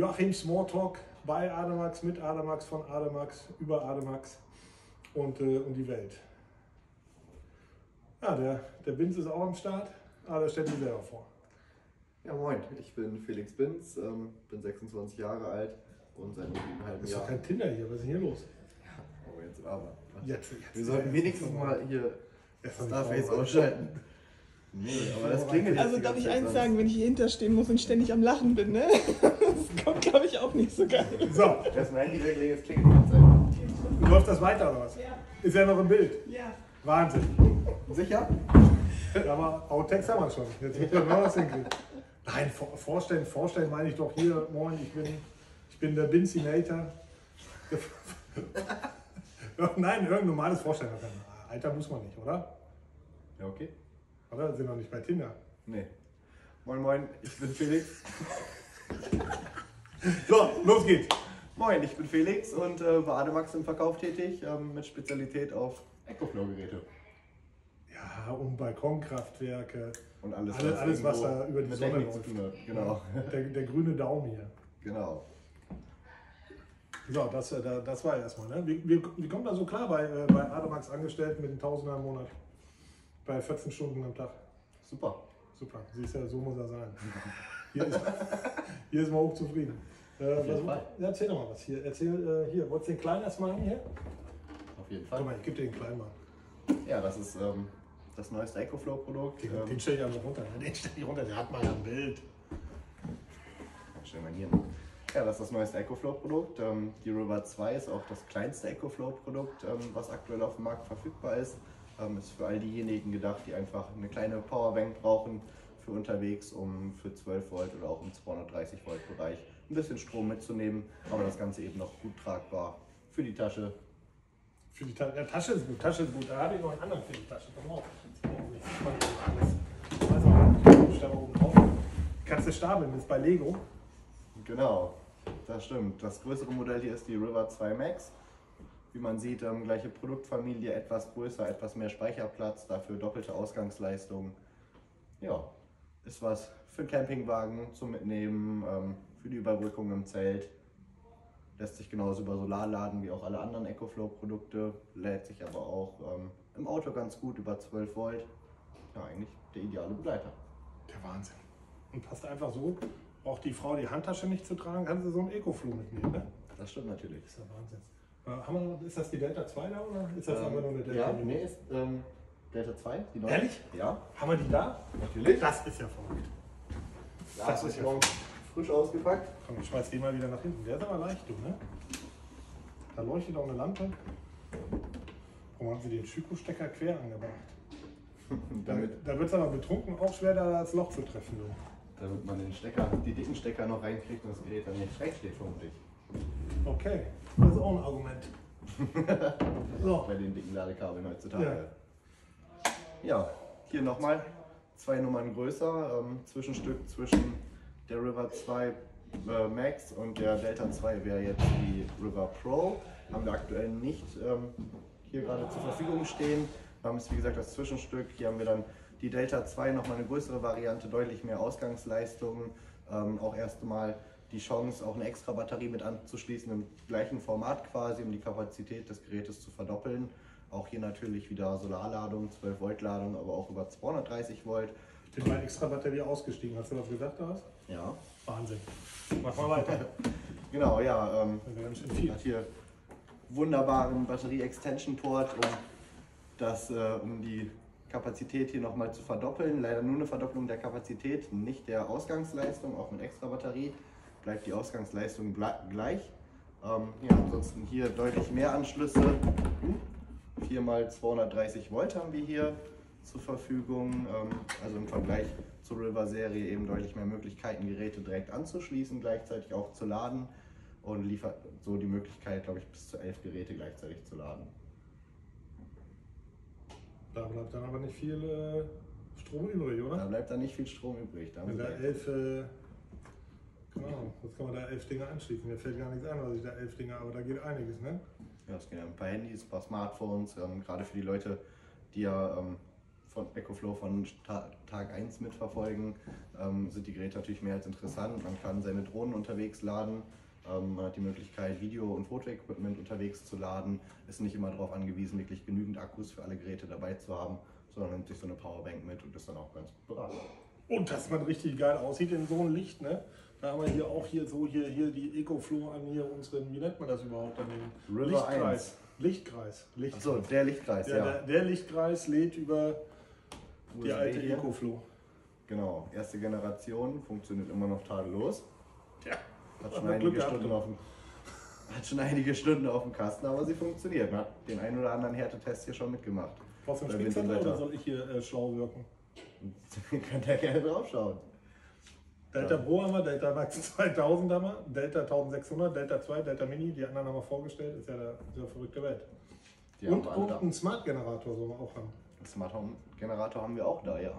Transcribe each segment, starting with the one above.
Joachim Smalltalk bei Ademax, mit Ademax, von Ademax, über Ademax und äh, um die Welt. Ja, der, der Binz ist auch am Start, aber ah, der stellt sich selber vor. Ja, moin, ich bin Felix Binz, ähm, bin 26 Jahre alt und seit einem halben Jahr. Ist doch kein Tinder hier, was ist denn hier los? Ja, oh, jetzt aber. Jetzt, jetzt, Wir sollten wenigstens mal hier Starface ausschalten. Nee, aber das klingelt Also darf ich eins sagen, wenn ich hier hinterstehen muss und ständig am Lachen bin, ne? Das kommt, glaube ich, auch nicht so geil. So, das mein Handy weglegen, jetzt klingelt ganz einfach. Läuft das weiter oder was? Ja. Ist er noch im Bild. Ja. Wahnsinn. Sicher? Aber Outtakes haben wir schon. Jetzt wird ja noch was hinkriegen. Nein, vorstellen, vorstellen meine ich doch hier, moin, ich bin, ich bin der Binzinator. Nein, irgendein normales Vorstellen. Alter muss man nicht, oder? Ja, okay. Oder? Sind noch nicht bei Tinder. Nee. Moin, moin, ich bin Felix. so, los geht's. Moin, ich bin Felix und äh, bei Ademax im Verkauf tätig ähm, mit Spezialität auf Ecoflow-Geräte. Ja, und Balkonkraftwerke. Und alles, alles, alles was da über die Sonne läuft. Genau. Der, der, grüne Daumen hier. Genau. So, das, äh, das war erstmal. Ne? Wie, wie, wie kommt da so klar bei, äh, bei Ademax Angestellten mit den Tausender im Monat? Bei 14 Stunden am Tag. Super. Super. Siehst ja, so muss er sein. Hier ist, hier ist man auch zufrieden. Äh, was, erzähl doch mal was hier. Erzähl äh, hier. Wolltest du den Kleinen erstmal an hier? Auf jeden Fall. Guck mal, ich gebe dir den Kleinen mal. Ja, das ist ähm, das neueste EcoFlow-Produkt. Den, ähm, den stelle ich einfach runter. Ne? Den stell ich runter. Der hat mal ein Bild. Stell mal hier. Ja, das ist das neueste EcoFlow-Produkt. Ähm, die River 2 ist auch das kleinste EcoFlow-Produkt, ähm, was aktuell auf dem Markt verfügbar ist. Ähm, ist für all diejenigen gedacht, die einfach eine kleine Powerbank brauchen für unterwegs, um für 12 Volt oder auch im 230 Volt Bereich ein bisschen Strom mitzunehmen, aber das Ganze eben noch gut tragbar für die Tasche. Für die Ta ja, Tasche ist gut, Tasche ist gut. Da habe ich noch einen anderen für die Tasche. Komm auf. Ich weiß auch, ich oben drauf. Kannst du stapeln, ist bei Lego. Genau, das stimmt. Das größere Modell hier ist die River 2 Max wie man sieht, ähm, gleiche Produktfamilie, etwas größer, etwas mehr Speicherplatz, dafür doppelte Ausgangsleistung. Ja, ist was für Campingwagen zum Mitnehmen, ähm, für die Überbrückung im Zelt. Lässt sich genauso über Solar laden wie auch alle anderen EcoFlow-Produkte, lädt sich aber auch ähm, im Auto ganz gut über 12 Volt. Ja, eigentlich der ideale Begleiter. Der Wahnsinn. Und passt einfach so, braucht die Frau die Handtasche nicht zu tragen, kann sie so einen EcoFlow mitnehmen, ne? Das stimmt natürlich. Das ist der Wahnsinn. Äh, haben wir, ist das die Delta 2 da oder ist das ähm, einfach nur eine Delta? Ja, nee, ist ähm, Delta 2, die neue. Ehrlich? Ja. Haben wir die da? Natürlich. Das ist ja verrückt. Ja, das ist ja verrückt. frisch ausgepackt. Komm, ich schmeiß die mal wieder nach hinten. Der ist aber leicht, du, ne? Da leuchtet auch eine Lampe. Warum haben sie den Schüko-Stecker quer angebracht? Damit, da wird es aber betrunken auch schwer, da das Loch zu treffen, du. Damit man den Stecker, die dicken Stecker noch reinkriegt und das Gerät dann nicht schräg steht, vermutlich. Okay, das ist auch ein Argument. so. Bei den dicken Ladekabeln heutzutage. Ja, ja hier nochmal zwei Nummern größer. Ähm, Zwischenstück zwischen der River 2 äh, Max und der Delta 2 wäre jetzt die River Pro. Haben wir aktuell nicht ähm, hier gerade zur Verfügung stehen. Haben ähm, ist wie gesagt das Zwischenstück. Hier haben wir dann die Delta 2 nochmal eine größere Variante, deutlich mehr Ausgangsleistungen. Ähm, auch erstmal die Chance, auch eine extra Batterie mit anzuschließen, im gleichen Format quasi, um die Kapazität des Gerätes zu verdoppeln. Auch hier natürlich wieder Solarladung, 12 Volt Ladung, aber auch über 230 Volt. Ich bin meine extra Batterie ausgestiegen, hast du was gesagt da hast? Ja. Wahnsinn. Mach mal weiter. genau, ja. Ähm, hat hier wunderbaren Batterie-Extension-Port, um, äh, um die Kapazität hier nochmal zu verdoppeln. Leider nur eine Verdopplung der Kapazität, nicht der Ausgangsleistung, auch mit extra Batterie bleibt die Ausgangsleistung gleich. Ähm, ja, ansonsten hier deutlich mehr Anschlüsse. 4 x 230 Volt haben wir hier zur Verfügung. Ähm, also im Vergleich zur River Serie eben deutlich mehr Möglichkeiten, Geräte direkt anzuschließen, gleichzeitig auch zu laden und liefert so die Möglichkeit, glaube ich, bis zu elf Geräte gleichzeitig zu laden. Da bleibt dann aber nicht viel äh, Strom übrig, oder? Da bleibt dann nicht viel Strom übrig. Da Wenn da elf äh Genau, jetzt kann man da elf Dinge anschließen. Mir fällt gar nichts ein, was ich da elf Dinger, aber da geht einiges, ne? Ja, es gehen ein paar Handys, ein paar Smartphones, ähm, gerade für die Leute, die ja ähm, von EcoFlow von Ta Tag 1 mitverfolgen, ähm, sind die Geräte natürlich mehr als interessant. Man kann seine Drohnen unterwegs laden, ähm, man hat die Möglichkeit, Video- und Fotoequipment unterwegs zu laden, ist nicht immer darauf angewiesen, wirklich genügend Akkus für alle Geräte dabei zu haben, sondern nimmt sich so eine Powerbank mit und ist dann auch ganz gut beraten. Und dass man richtig geil aussieht in so einem Licht, ne? Da haben wir hier auch hier so hier, hier die Ecoflow an hier unseren, wie nennt man das überhaupt daneben? River Lichtkreis. 1. Lichtkreis. Lichtkreis. Achso, der Lichtkreis, der, ja. Der, der, Lichtkreis lädt über USB die alte hier. Ecoflow. Genau, erste Generation, funktioniert immer noch tadellos. Ja. Hat schon, einige Stunden auf dem, hat schon einige Stunden auf dem Kasten, aber sie funktioniert. Man ne? den einen oder anderen Härtetest hier schon mitgemacht. Brauchst du einen oder soll ich hier äh, schlau wirken? Könnt ihr gerne drauf schauen. Delta Pro haben wir, Delta Max 2000 haben wir, Delta 1600, Delta 2, Delta Mini, die anderen haben wir vorgestellt, ist ja der, diese verrückte Welt. Die und und einen Smart-Generator sollen wir auch haben. Smart Home Generator haben wir auch da, ja.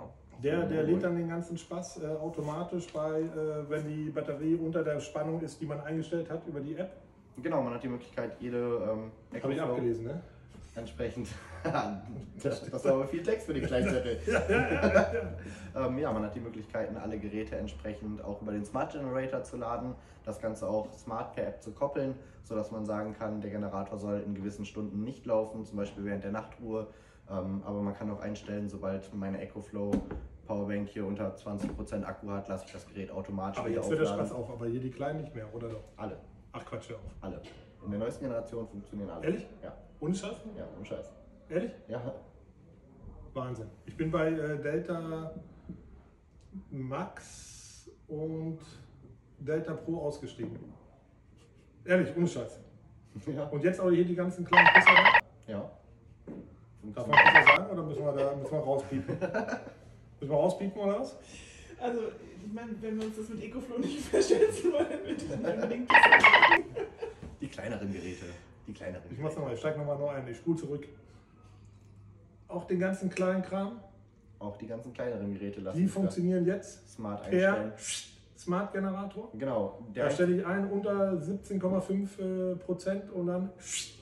Der, der lädt dann den ganzen Spaß äh, automatisch bei, äh, wenn die Batterie unter der Spannung ist, die man eingestellt hat über die App. Genau, man hat die Möglichkeit, jede ähm, Habe ich abgelesen, ne? entsprechend. das, das war aber viel Text für den kleinen Zettel. ja, ähm, ja, man hat die Möglichkeiten, alle Geräte entsprechend auch über den Smart Generator zu laden, das Ganze auch smart per App zu koppeln, sodass man sagen kann, der Generator soll in gewissen Stunden nicht laufen, zum Beispiel während der Nachtruhe. Ähm, aber man kann auch einstellen, sobald meine EcoFlow Powerbank hier unter 20% Akku hat, lasse ich das Gerät automatisch aber wieder aufladen. Aber der Spaß auf, aber hier die kleinen nicht mehr, oder doch? Alle. Ach Quatsch, hör auf. Alle. In der neuesten Generation funktionieren alle. Ehrlich? Ja. Ohne Scheiß? Ja, ohne Scheiß. Ehrlich? Ja. Wahnsinn. Ich bin bei äh, Delta Max und Delta Pro ausgestiegen. Ehrlich, ohne Scheiß. Ja. Und jetzt aber hier die ganzen kleinen Pisser. Ja. Darf man Pisser sagen oder müssen wir da müssen wir rauspiepen? müssen wir rauspiepen oder was? Also, ich meine, wenn wir uns das mit Ecoflow nicht verschätzen wollen, würde ich unbedingt Pisser sagen. Die kleineren Geräte die kleineren. Ich mach's nochmal, ich steig nochmal noch ein, ich spule zurück. Auch den ganzen kleinen Kram? Auch die ganzen kleineren Geräte lassen. Die funktionieren jetzt? Smart einstellen. Smart Generator? Genau. da stelle ich ein unter 17,5 äh, Prozent und dann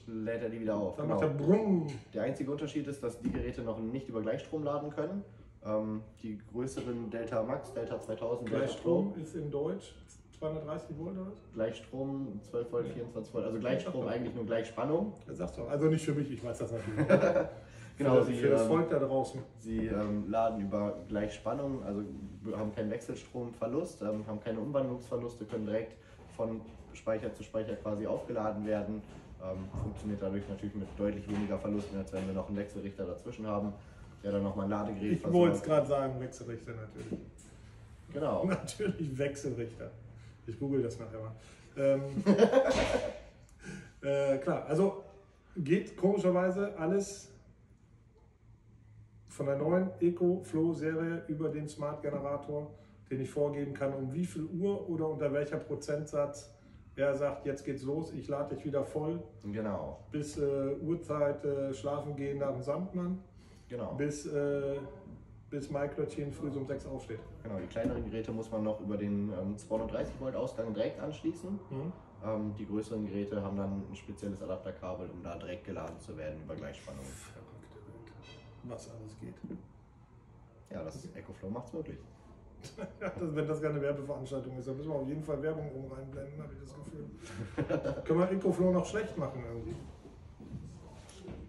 lädt er die wieder auf. Dann genau. macht er Brumm. Der einzige Unterschied ist, dass die Geräte noch nicht über Gleichstrom laden können. Ähm, die größeren Delta Max, Delta 2000, Gleichstrom Delta Pro. ist in Deutsch 230 Volt oder was? Gleichstrom, 12 Volt, ja. 24 Volt. Also Gleichstrom eigentlich nur Gleichspannung. Das sagst du. Also nicht für mich, ich weiß das natürlich. genau, für, sie, für das ähm, Volk da draußen. Sie ähm, laden über Gleichspannung, also haben keinen Wechselstromverlust, ähm, haben keine Umwandlungsverluste, können direkt von Speicher zu Speicher quasi aufgeladen werden. Ähm, funktioniert dadurch natürlich mit deutlich weniger Verlusten, als wenn wir noch einen Wechselrichter dazwischen haben, der dann nochmal ein Ladegerät Ich wollte es gerade sagen, Wechselrichter natürlich. Genau. Natürlich Wechselrichter. Ich google das nachher mal. Ähm, äh, klar, also geht komischerweise alles von der neuen Eco-Flow-Serie über den Smart-Generator, den ich vorgeben kann, um wie viel Uhr oder unter welcher Prozentsatz er sagt, jetzt geht's los, ich lade dich wieder voll. Genau. Bis äh, Uhrzeit äh, schlafen gehen nach dem Sandmann. Genau. Bis äh, bis Mike Klötzchen früh um 6 aufsteht. Genau, die kleineren Geräte muss man noch über den ähm, 230 Volt Ausgang direkt anschließen. Mhm. Ähm, die größeren Geräte haben dann ein spezielles Adapterkabel, um da direkt geladen zu werden über Gleichspannung. Verrückte Welt. Was alles geht. Ja, das okay. EcoFlow macht's möglich. ja, das, wenn das keine Werbeveranstaltung ist, dann müssen wir auf jeden Fall Werbung oben reinblenden, habe ich das Gefühl. Können wir EcoFlow noch schlecht machen irgendwie?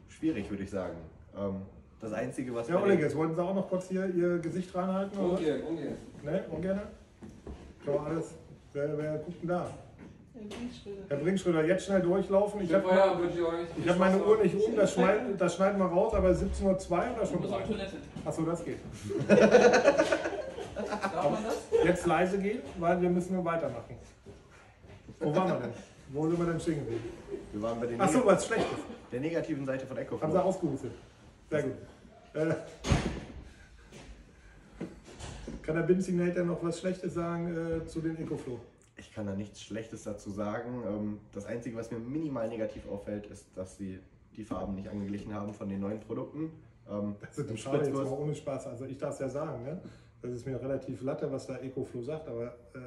Schwierig, würde ich sagen. Ähm, das Einzige, was. Ja, Oleg, jetzt wollten Sie auch noch kurz hier Ihr Gesicht reinhalten? Ungern, ungern. Ne, ungern? Schau alles. Wer, wer guckt denn da? Herr Brinkschröder. Herr Brinkschröder, jetzt schnell durchlaufen. Ich habe hab meine Uhr nicht oben, das schneiden, das schneiden wir raus, aber 17.02 Uhr oder schon? Ich muss auf Toilette. Achso, das geht. Darf man das? Jetzt leise gehen, weil wir müssen nur weitermachen. Wo waren wir denn? Wo sind wir denn stehen geblieben? Wir waren bei den Achso, was Schlechtes. Der negativen Seite von Echo. Haben Sie ausgehustet? Sehr gut. Äh, kann der Binsignator noch was Schlechtes sagen äh, zu dem EcoFlow? Ich kann da nichts Schlechtes dazu sagen. Ähm, das Einzige, was mir minimal negativ auffällt, ist, dass sie die Farben nicht angeglichen haben von den neuen Produkten. Ähm, das ist total jetzt mal ohne Spaß. Also ich darf es ja sagen, ne? das ist mir relativ latte, was da EcoFlow sagt, aber äh,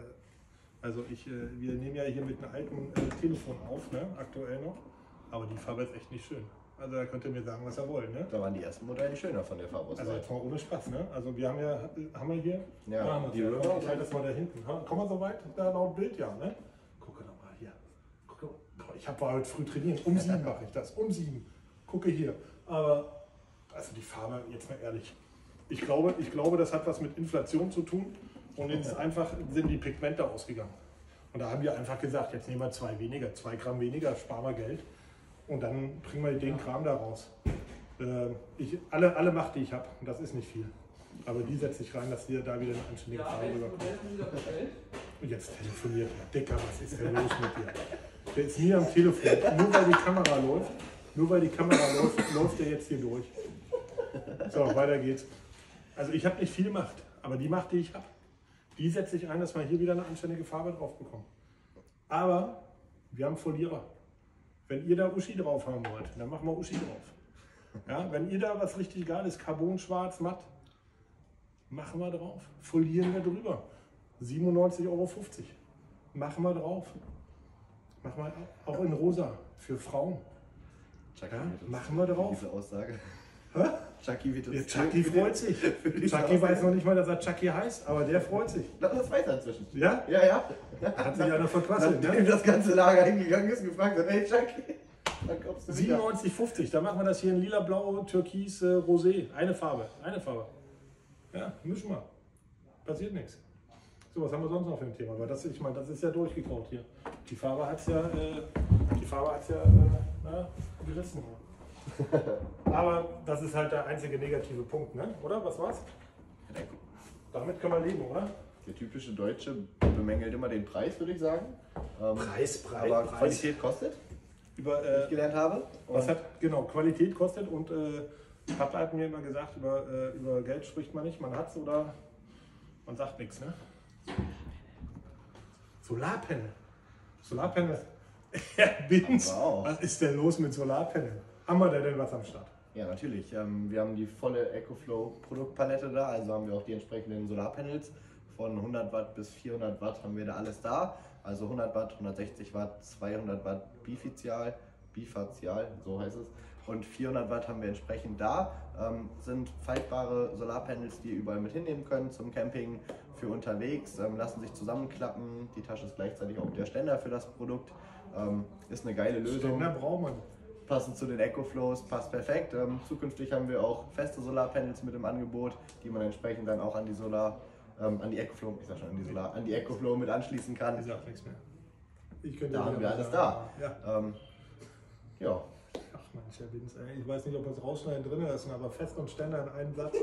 also ich, äh, wir nehmen ja hier mit einem alten äh, Telefon auf, ne? aktuell noch, aber die Farbe ist echt nicht schön. Also da könnt ihr mir sagen, was ihr wollt, ne? Da waren die ersten Modelle schöner von der Farbos. Also jetzt mal ohne Spaß, ne? Also wir haben ja, haben wir hier? Ja, ja die River. Ich halte das mal da hinten. Ne? Komm mal so weit? Da laut Bild, ja, ne? Gucke doch mal hier. Gucke. Boah, ich habe heute früh trainiert. Um sieben mache ich das. Um sieben. Gucke hier. Aber, also die Farbe, jetzt mal ehrlich. Ich glaube, ich glaube, das hat was mit Inflation zu tun. Und jetzt einfach sind die Pigmente ausgegangen. Und da haben wir einfach gesagt, jetzt nehmen wir zwei weniger, zwei Gramm weniger, sparen wir Geld und dann bringen wir den Kram da raus. Äh, ich, alle, alle Macht, die ich habe, das ist nicht viel. Aber die setze ich rein, dass wir da wieder eine anständige ja, Farbe bekommen. Und jetzt telefoniert er. Dicker, was ist denn los mit dir? Der ist nie am Telefon. Nur weil die Kamera läuft, nur weil die Kamera läuft, läuft er jetzt hier durch. So, weiter geht's. Also ich habe nicht viel Macht, aber die Macht, die ich habe, die setze ich ein, dass wir hier wieder eine anständige Farbe drauf bekommen. Aber wir haben Verlierer. Wenn ihr da Uschi drauf haben wollt, dann machen wir Uschi drauf. Ja, wenn ihr da was richtig geiles, Carbon, schwarz, matt, machen wir drauf. Folieren wir drüber. 97,50 Euro. Machen wir drauf. Machen wir auch in rosa für Frauen. Ja, machen wir drauf. Diese Aussage. Hä? Chucky wird ja, Chucky freut sich. Chucky weiß noch nicht mal, dass er Chucky heißt, aber der freut sich. Das uns weiter inzwischen. Ja? Ja, ja. Hat sich einer noch verquasselt. Nachdem ne? das ganze Lager hingegangen ist, gefragt hat, hey Chucky. 97,50, da machen wir das hier in lila, blau, türkis, äh, rosé. Eine Farbe, eine Farbe. Ja, mischen wir. Passiert nichts. So, was haben wir sonst noch für ein Thema? Weil das, ich meine, das ist ja durchgekaut hier. Die Farbe hat es ja, äh, die Farbe hat's ja äh, na, gerissen. Aber das ist halt der einzige negative Punkt, ne? oder? Was war's? Damit können wir leben, oder? Der typische Deutsche bemängelt immer den Preis, würde ich sagen. Ähm, Preis, Preis. Aber Preis. Qualität kostet. Über, äh, ich gelernt habe. Was hat, genau, Qualität kostet und äh, Papa hat mir immer gesagt, über, äh, über Geld spricht man nicht, man hat's oder man sagt nichts, ne? Solarpanel. Solarpanel. Herr Binz, wow. was ist denn los mit Solarpanel? Haben wir da denn was am Start? Ja, natürlich. Ähm, wir haben die volle EcoFlow Produktpalette da, also haben wir auch die entsprechenden Solarpanels von 100 Watt bis 400 Watt haben wir da alles da. Also 100 Watt, 160 Watt, 200 Watt bifizial, bifazial, so heißt es. Und 400 Watt haben wir entsprechend da. Ähm, sind faltbare Solarpanels, die ihr überall mit hinnehmen könnt zum Camping, für unterwegs, ähm, lassen sich zusammenklappen. Die Tasche ist gleichzeitig auch der Ständer für das Produkt. Ähm, ist eine geile Lösung. Ständer braucht man passend zu den Ecoflows, passt perfekt. Ähm, zukünftig haben wir auch feste Solarpanels mit im Angebot, die man entsprechend dann auch an die Solar, ähm, an die Ecoflow, ich sag schon an die Solar, an die Ecoflow mit anschließen kann. Ich sag nichts mehr. Ich könnte da haben wir alles da. Ja. Ähm, ja. Ach man, Herr Wienz, ich weiß nicht, ob wir es rausschneiden drin lassen, aber fest und Ständer in einem Satz.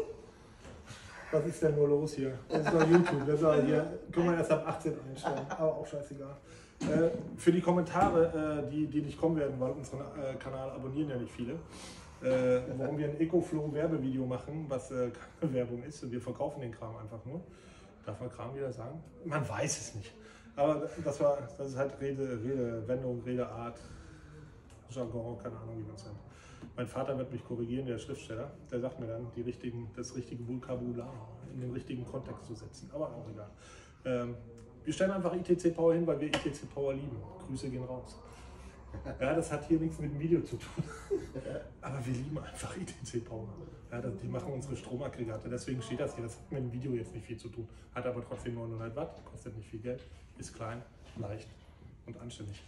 Was ist denn nur los hier? Das ist doch YouTube, das ist doch hier. Können wir erst ab 18 einstellen, aber auch scheißegal. Äh, für die Kommentare, äh, die, die nicht kommen werden, weil unseren äh, Kanal abonnieren ja nicht viele. Äh, warum wir ein Ecoflow-Werbevideo machen, was äh, keine Werbung ist und wir verkaufen den Kram einfach nur. Darf man Kram wieder sagen? Man weiß es nicht. Aber das war, das ist halt Rede, Rede, Wendung, Redeart, Jargon, keine Ahnung, wie man es nennt. Mein Vater wird mich korrigieren, der Schriftsteller. Der sagt mir dann, die richtigen, das richtige Vokabular in den richtigen Kontext zu setzen. Aber auch egal. Ähm, wir stellen einfach ITC Power hin, weil wir ITC Power lieben. Grüße gehen raus. Ja, das hat hier nichts mit dem Video zu tun. Aber wir lieben einfach ITC Power. Ja, die machen unsere Stromaggregate, deswegen steht das hier. Das hat mit dem Video jetzt nicht viel zu tun. Hat aber trotzdem 900 Watt, kostet nicht viel Geld, ist klein, leicht und anständig.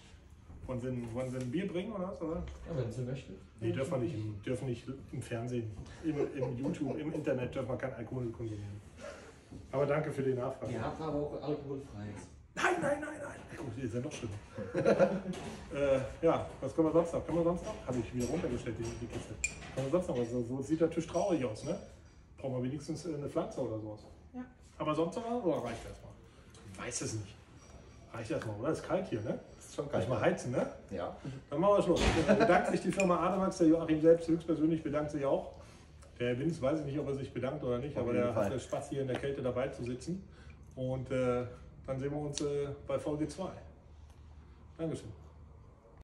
Wollen sie, ein, wollen sie ein Bier bringen oder was? Oder? Ja, wenn sie möchten. Nee, dürfen wir nicht, im, dürfen nicht im Fernsehen, im, im YouTube, im Internet dürfen wir kein Alkohol konsumieren. Aber danke für die Nachfrage. Wir haben aber auch alkoholfreies. Nein, nein, nein, nein. Guck, oh, die ist ja noch schlimmer. äh, ja, was können wir sonst noch? Können wir sonst noch? Habe ich wieder runtergestellt, die, die Kiste. Können wir sonst noch? was? so sieht der Tisch traurig aus, ne? Brauchen wir wenigstens äh, eine Pflanze oder sowas. Ja. Aber sonst noch, was? oder reicht das mal? Ich Weiß es nicht. Reicht das mal, oder? Ist kalt hier, ne? Ist schon kalt. ich Mal heizen, ne? Ja. Dann machen wir Schluss. Dann bedankt sich die Firma Ademax, der Joachim selbst höchstpersönlich bedankt sich auch. Der Herr Winz weiß ich nicht, ob er sich bedankt oder nicht, Auf aber der Fall. hatte Spaß hier in der Kälte dabei zu sitzen. Und äh, dann sehen wir uns äh, bei Folge 2. Dankeschön.